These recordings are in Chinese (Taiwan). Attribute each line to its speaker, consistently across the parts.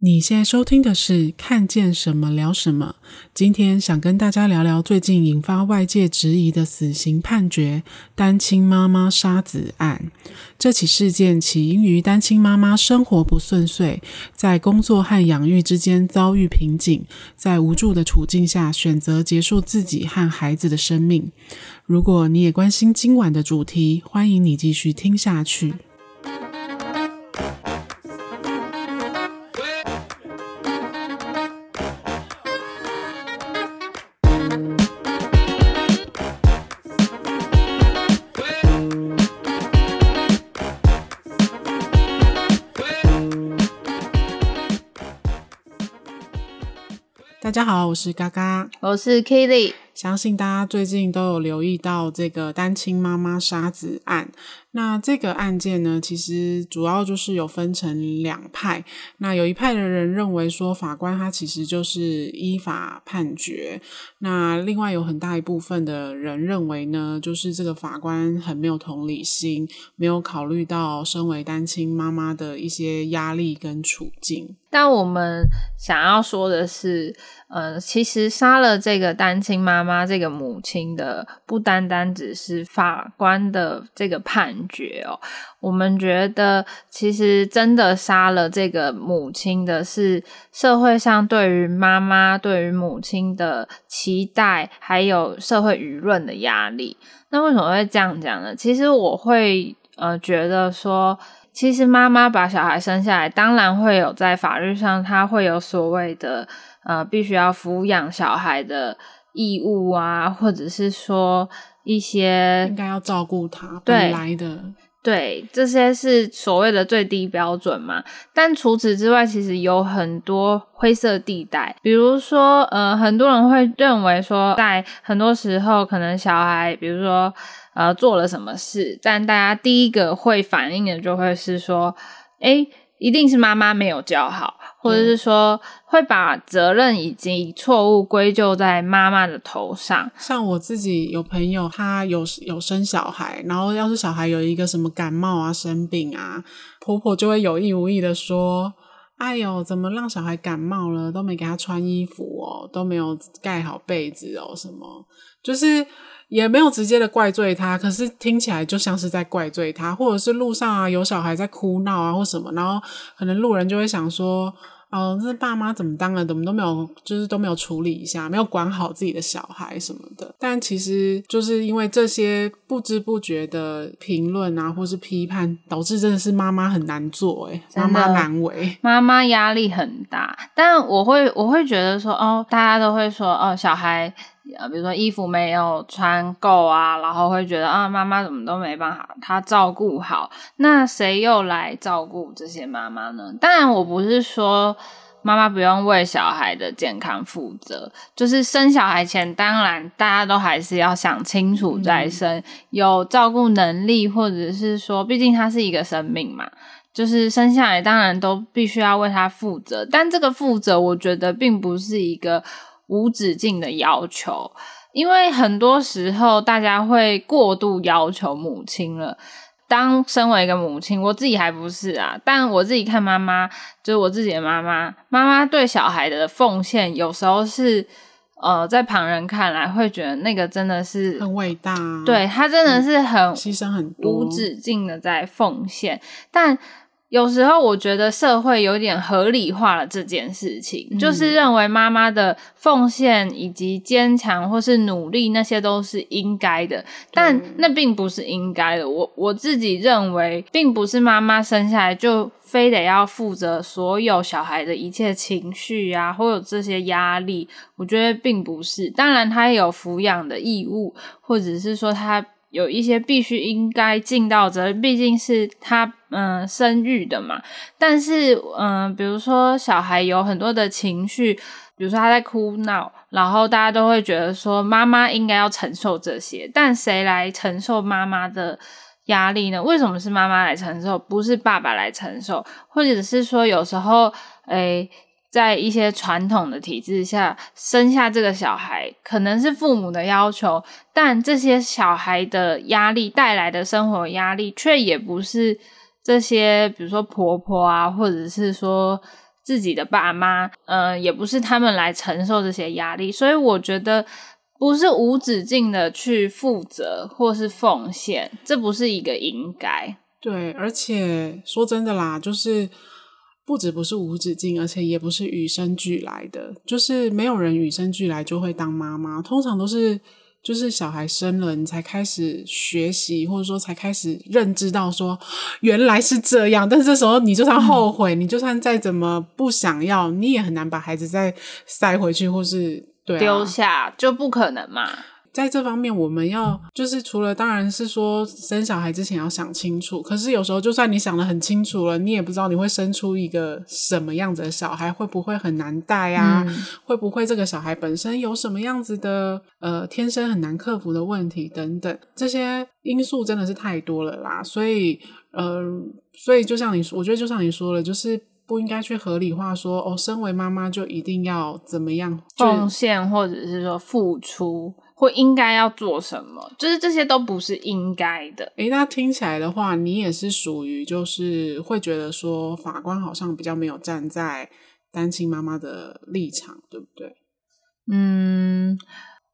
Speaker 1: 你現在收聽的是《看見什麼聊什麼》。今天想跟大家聊聊最近引發外界質疑的死刑判決——單親媽媽殺子案。這起事件起因於單親媽媽生活不順遂，在工作和養育之間遭遇瓶頸，在無助的處境下選擇結束自己和孩子的生命。如果你也關心今晚的主題，歡迎你繼續聽下去。大家好，我是嘎嘎，我是 Kitty。相信大家最近都有留意到這個單親媽媽殺子案。那這個案件呢，其實主要就是有分成兩派。那有一派的人認為說法官他其實就是依法判決。那另外有很大一部分的人認為呢，就是這個法官很沒有同理心，沒有考慮到身為單親媽媽的一些壓力跟處境。
Speaker 2: 但我們想要說的是，呃，其實殺了這個單親媽媽。媽媽，這個母親的不單單只是法官的這個判決哦，我們覺得其實真的殺了這個母親的是社會上對於媽媽、對於母親的期待，還有社會輿論的壓力。那為什麼會這樣講呢？其實我會呃覺得說，其實媽媽把小孩生下來，當然會有在法律上，她會有所謂的呃，必須要撫養小孩的。義務啊，或者是說一些應該要照顧他對，本來的，對，這些是所謂的最低標準嘛。但除此之外，其實有很多灰色地帶，比如說，呃，很多人會認為說，在很多時候，可能小孩，比如說，呃，做了什麼事，但大家第一個會反應的就會是說，哎、欸，一定是媽媽沒有教好。或者是說會把責任以及錯誤歸咎在媽
Speaker 1: 媽的頭上。像我自己有朋友，她有有生小孩，然後要是小孩有一個什麼感冒啊、生病啊，婆婆就會有意無意的說：“哎喲，怎麼讓小孩感冒了？都沒給他穿衣服哦，都沒有蓋好被子哦，什麼就是。”也沒有直接的怪罪他，可是聽起來就像是在怪罪他，或者是路上啊有小孩在哭鬧啊或什麼，然後可能路人就會想說，嗯、呃，這爸媽怎麼當了，怎麼都沒有，就是都沒有處理一下，沒有管好自己的小孩什麼的。但其實就是因為這些不知不覺的評論啊，或是批判，導致真的是媽媽很難做，欸，誒媽媽難為，媽
Speaker 2: 媽壓力很大。但我會，我會覺得說，哦，大家都會說，哦，小孩。啊，比如說衣服沒有穿夠啊，然後會覺得啊，媽媽怎麼都沒辦法，她照顧好，那誰又來照顧這些媽媽呢？當然，我不是說媽媽不用為小孩的健康負責，就是生小孩前，當然大家都還是要想清楚再生，嗯、有照顧能力，或者是說，畢竟她是一個生命嘛，就是生下來，當然都必須要為她負責，但這個負責，我覺得並不是一個。無止境的要求，因為很多時候大家會過度要求母親了。當身為一個母親，我自己還不是啊，但我自己看媽媽，就是我自己的媽媽，媽媽對小孩的奉獻，有時候是呃，在旁人看來會覺得那個真的是很偉大，啊，對她真的是很犧牲很多，無止境的在奉獻，嗯、但有時候我覺得社會有點合理化了這件事情，嗯、就是認為媽媽的奉獻以及堅強或是努力那些都是應該的，對但那並不是應該的。我我自己認為，並不是媽媽生下來就非得要負責所有小孩的一切情緒啊，或有這些壓力。我覺得並不是，當然他有撫養的義務，或者是說他。有一些必須應該盡到責任，畢竟是他嗯、呃、生育的嘛。但是嗯、呃，比如說小孩有很多的情緒，比如說他在哭鬧，然後大家都會覺得說媽媽應該要承受這些，但誰來承受媽媽的壓力呢？為什麼是媽媽來承受，不是爸爸來承受？或者是說有時候誒、欸在一些傳統的體制下，生下這個小孩可能是父母的要求，但這些小孩的壓力帶來的生活壓力，卻也不是這些，比如說婆婆啊，或者是說自己的爸媽，嗯、呃，也不是他們來承受這些壓力。所以我覺得，不是無止境的去負責或是奉獻，這不是一個應該。
Speaker 1: 對，而且說真的啦，就是。不只不是無止境，而且也不是與生俱來的，就是沒有人與生俱來就會當媽媽。通常都是就是小孩生了，你才開始學習，或者說才開始認知到說原來是這樣。但是這時候你就算後悔，嗯、你就算再怎麼不想要，你也很難把孩子再塞回去，或是對啊、丟下，就不可能嘛。在這方面，我們要就是除了當然是說生小孩之前要想清楚，可是有時候就算你想得很清楚了，你也不知道你會生出一個什麼樣子的小孩，會不會很難帶呀、啊？嗯、會不會這個小孩本身有什麼樣子的呃，天生很難克服的問題等等，這些因素真的是太多了啦。所以嗯、呃，所以就像你說，我覺得就像你說了，就是不應該去合理化說哦，身為媽媽就一定要怎麼樣奉獻或者是說付出。會應該要做什麼？就是這些都不是應該的。誒、欸，那聽起來的話，你也是屬於就是會覺得說法官好像比較沒有站在單親媽媽的立場，對不對？嗯，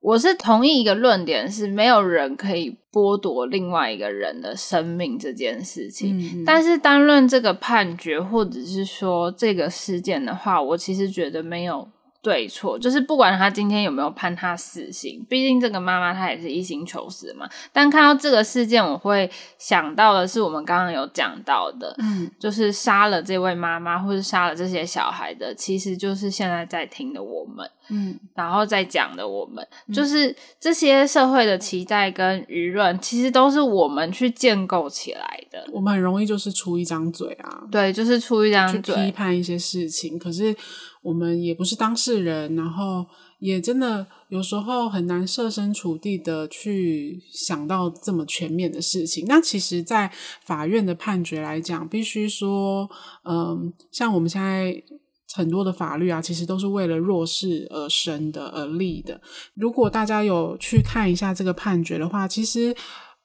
Speaker 2: 我是同意一個論點，是沒有人可以剝奪另外一個人的生命這件事情。嗯哼。但是單論這個判決，或者是說這個事件的話，我其實覺得沒有。對錯就是不管他今天有沒有判他死刑，畢竟這個媽媽她也是一心求死嘛。但看到這個事件，我會想到的是我們剛剛有講到的，嗯，就是殺了這位媽媽或者殺了這些小孩的，其實就是現在在聽的我們。嗯，然後再講的，我們、嗯、就是這些社會的期待跟輿論，其實都是我們去建
Speaker 1: 構起來的。我們很容易就是出一張嘴啊，對，就是出一張嘴，去批判一些事情。可是我們也不是當事人，然後也真的有時候很難設身處地的去想到這麼全面的事情。那其實，在法院的判決來講，必須說，嗯，像我們現在。很多的法律啊，其實都是為了弱勢而生的、而立的。如果大家有去看一下這個判決的話，其實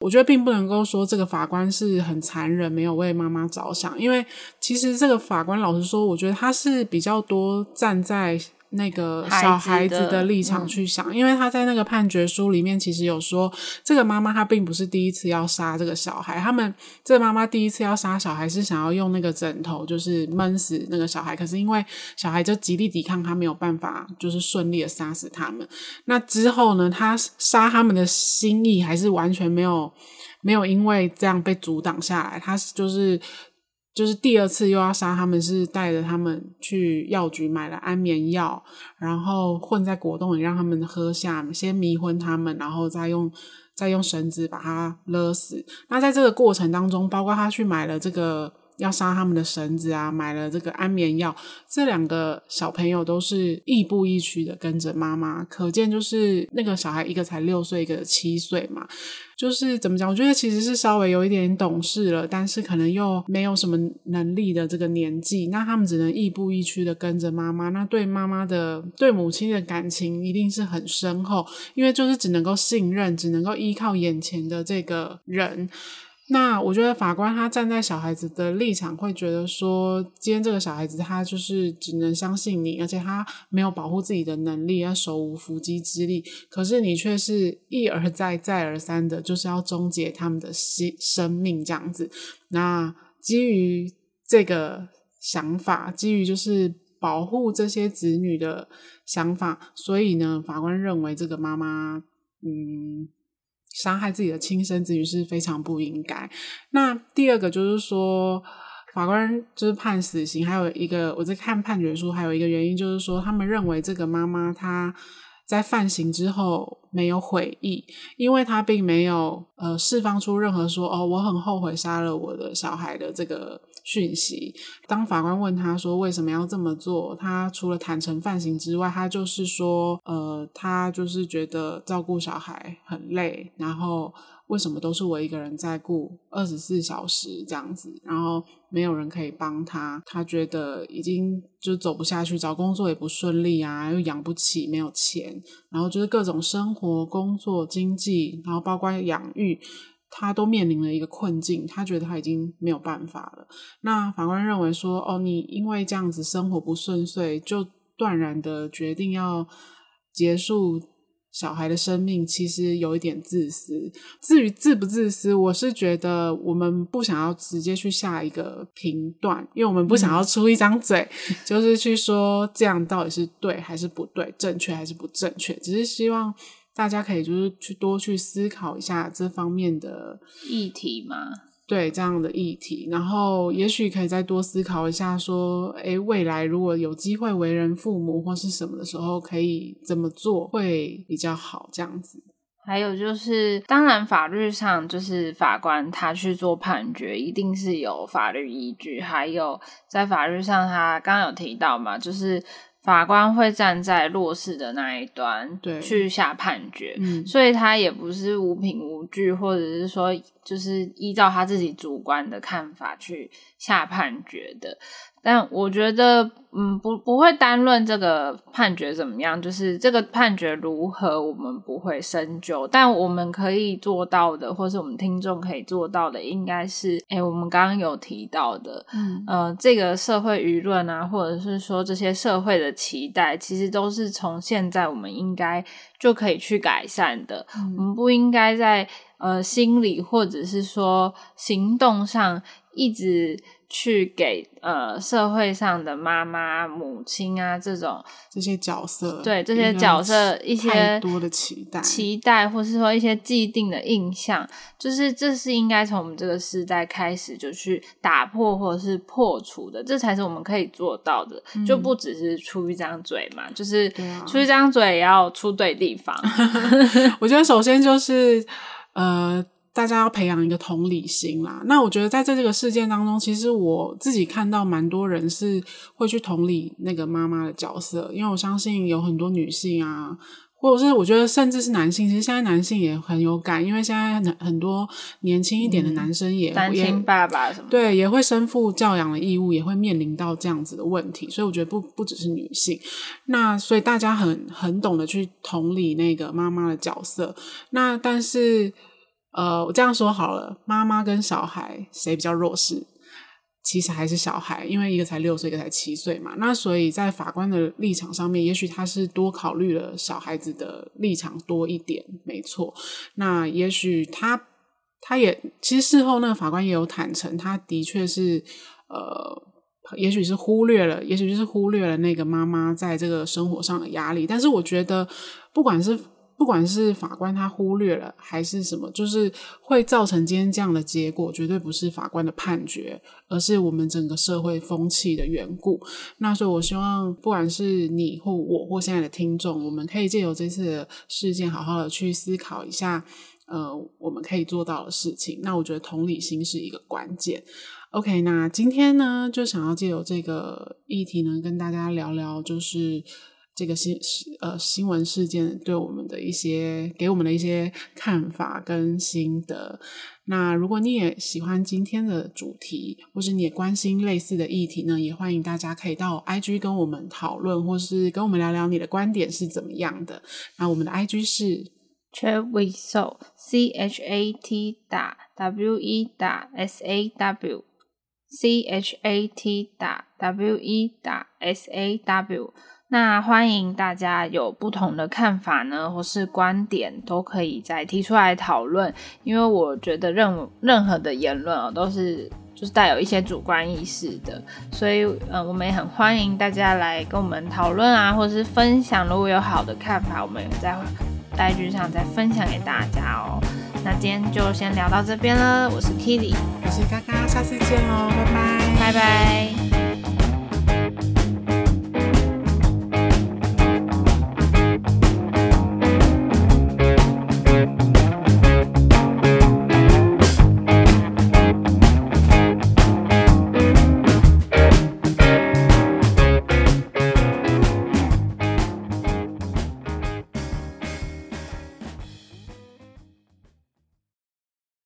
Speaker 1: 我覺得並不能夠說這個法官是很殘忍，沒有為媽媽着想。因為其實這個法官，老實說，我覺得他是比較多站在。那個小孩子的立場去想，嗯、因為他在那個判決書裡面其實有說，這個媽媽她並不是第一次要殺這個小孩，他們這個媽媽第一次要殺小孩是想要用那個枕頭就是悶死那個小孩，可是因為小孩就極力抵抗，他沒有辦法就是順利的殺死他們。那之後呢，他殺他們的心意還是完全沒有沒有因為這樣被阻擋下來，他是就是。就是第二次又要殺他們，是帶着他們去藥局買了安眠藥，然後混在果凍裡讓他們喝下，先迷昏他們，然後再用再用繩子把他勒死。那在這個過程當中，包括他去買了這個。要殺他們的繩子啊！買了這個安眠藥，這兩個小朋友都是亦步亦趨的跟着媽媽。可見就是那個小孩，一個才六歲，一個七歲嘛，就是怎麼講？我覺得其實是稍微有一點懂事了，但是可能又沒有什麼能力的這個年紀，那他們只能亦步亦趨的跟着媽媽。那對媽媽的對母親的感情一定是很深厚，因為就是只能夠信任，只能夠依靠眼前的這個人。那我覺得法官他站在小孩子的立場，會覺得說，今天這個小孩子他就是只能相信你，而且他沒有保護自己的能力，要手無縛雞之力。可是你卻是一而再、再而三的，就是要終結他們的生命這樣子。那基於這個想法，基於就是保護這些子女的想法，所以呢，法官認為這個媽媽，嗯。傷害自己的親生子女是非常不應該。那第二個就是說，法官就是判死刑。還有一個，我在看判決書，還有一個原因就是說，他們認為這個媽媽她在犯行之後沒有悔意，因為她並沒有呃釋放出任何說哦我很後悔殺了我的小孩的這個。訊息。當法官問他說，為什麼要這麼做，他除了坦誠犯行之外，他就是說，呃，他就是覺得照顧小孩很累，然後為什麼都是我一個人在顧二十四小時這樣子，然後沒有人可以幫他，他覺得已經就走不下去，找工作也不順利啊，又養不起，沒有錢，然後就是各種生活、工作、經濟，然後包括養育。他都面臨了一個困境，他覺得他已經沒有辦法了。那法官認為說：“哦，你因為這樣子生活不順遂，就斷然的決定要結束小孩的生命，其實有一點自私。至於自不自私，我是覺得我們不想要直接去下一個評斷，因為我們不想要出一張嘴，嗯、就是去說這樣到底是對還是不對，正確還是不正確，只是希望。”大家可以就是去多去思考一下這方面的議題嘛，對這樣的議題，然後也許可以再多思考一下，說，誒，未來如果有機會為人父母或是什麼的時候，可以怎麼做會比較好，這樣子。
Speaker 2: 還有就是，當然法律上就是法官他去做判決，一定是有法律依據。還有在法律上，他剛剛有提到嘛，就是。法官會站在弱勢的那一端去下判決，對，嗯，所以他也不是無憑無據，或者是說就是依照他自己主觀的看法去下判決的。但我覺得。嗯，不不會單論這個判決怎麼樣，就是這個判決如何，我們不會深究。但我們可以做到的，或是我們聽眾可以做到的，應該是，誒、欸，我們剛剛有提到的，嗯、呃，這個社會輿論啊，或者是說這些社會的期待，其實都是從現在我們應該就可以去改善的。嗯、我們不應該在呃心理或者是說行動上。一直去給呃社會上的媽媽、母親啊，這種這些角色，對這些角色一些多的期待、期待，或是說一些既定的印象，就是這是應該從我們這個時代開始就去打破或者是破除的，這才是我們可以做到的，嗯、就不只是出一張嘴嘛，就是出一張嘴也要出對地方。
Speaker 1: 對啊、 我覺得首先就是呃。大家要培養一個同理心啦。那我覺得在這這個事件當中，其實我自己看到蠻多人是會去同理那個媽媽的角色，因為我相信有很多女性啊，或者是我覺得甚至是男性，其實現在男性也很有感，因為現在很多年輕一點的男生也年輕、嗯、也單親爸爸什麼的對，也會身負教養的義務，也會面臨到這樣子的問題，所以我覺得不不只是女性，那所以大家很很懂得去同理那個媽媽的角色，那但是。呃，我這樣說好了，媽媽跟小孩誰比較弱勢？其實還是小孩，因為一個才六歲，一個才七歲嘛。那所以在法官的立場上面，也許他是多考慮了小孩子的立場多一點，沒錯。那也許他他也其實事後那個法官也有坦承，他的確是呃，也許是忽略了，也許就是忽略了那個媽媽在這個生活上的壓力。但是我覺得，不管是。不管是法官他忽略了還是什麼，就是會造成今天這樣的結果，絕對不是法官的判決，而是我們整個社會風氣的緣故。那所以，我希望不管是你或我或現在的聽眾，我們可以借由這次的事件，好好的去思考一下，呃，我們可以做到的事情。那我覺得同理心是一個關鍵。OK，那今天呢，就想要借由這個議題呢，跟大家聊聊，就是。這個新呃新聞事件對我們的一些給我們的一些看法跟心得。那如果你也喜歡今天的主題，或是你也關心類似的議題呢，也歡迎大家可以到 I G 跟我們討論，或是跟我們聊聊你的觀點是怎麼樣的。那我們的 I G 是 Chat We Saw C H A T 打 W E 打 S,
Speaker 2: S A W C H A T 打 W E 打 S A W。E S A W. 那歡迎大家有不同的看法呢，或是觀點，都可以再提出來討論。因為我覺得任任何的言論哦、啊，都是就是帶有一些主觀意識的，所以嗯、呃，我們也很歡迎大家來跟我們討論啊，或者是分享。如果有好的看法，我們也在道具上再分享給大家哦。那今天就先聊到這邊了，我是 Kitty，我是嘎嘎，
Speaker 1: 下次見哦，拜拜，拜拜。